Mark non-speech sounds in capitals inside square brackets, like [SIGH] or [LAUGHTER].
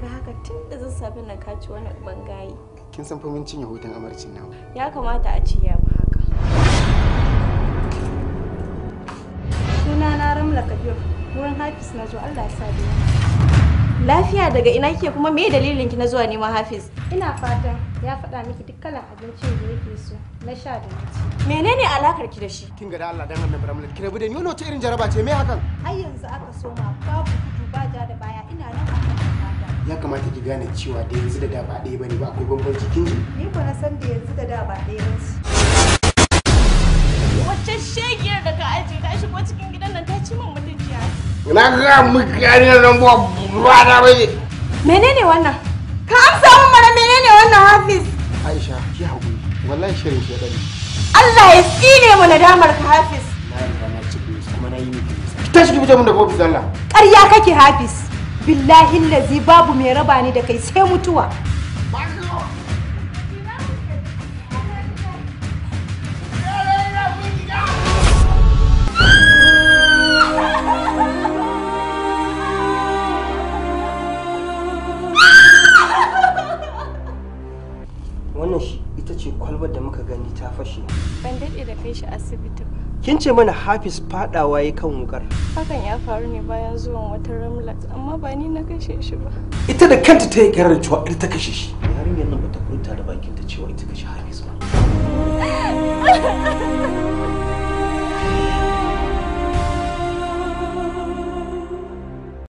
tafi haka tun da sassafe na kaci wani bangaye kin san famin cinye hoton amarcin nawa ya kamata a ci ya ba haka suna na ramla kabir wurin hafiz na zo allah ya sa biya lafiya daga ina kike kuma me dalilin ki na zuwa neman hafiz ina fatan ya faɗa miki duk kalan abincin da yake so na sha da na menene alakar ki da shi kin ga da allah dan annabi ramla ki rabu da ni wani wata irin jaraba ce me hakan Ai yanzu aka soma babu kudu ba jara kamata ki gane cewa da yanzu da da ba ɗaya bane ba akwai bambanci kin ji ni ko na san da yanzu da da ba ɗaya bane wacce shegiyar da ka aje ta shigo cikin gidan nan ta ci min mutunci na ga miki yariyar nan ba ruwa na bane menene wannan ka amsa mun mana menene wannan hafiz aisha ki haƙuri wallahi shirin ke dani Allah ya tsine mu nadamar ka hafiz na yi na ci kuma na yi miki tashi ki fita mun daga ofis Allah ƙarya kake hafiz billahi lazi babu mai raba ni da kai sai mutuwa ita ce kwalbar da muka gani ta fashe ban daɗe da kai shi asibiti ba kin ce mana hafiz fadawa ya kan wukar hakan ya faru ne bayan zuwan wata ramlat amma ba ni na kashe shi ba ita da kanta ta yi karar cewa ita ta kashe shi yarinyar nan bata furta da bakin ta cewa ita kashe hafiz ba [LAUGHS]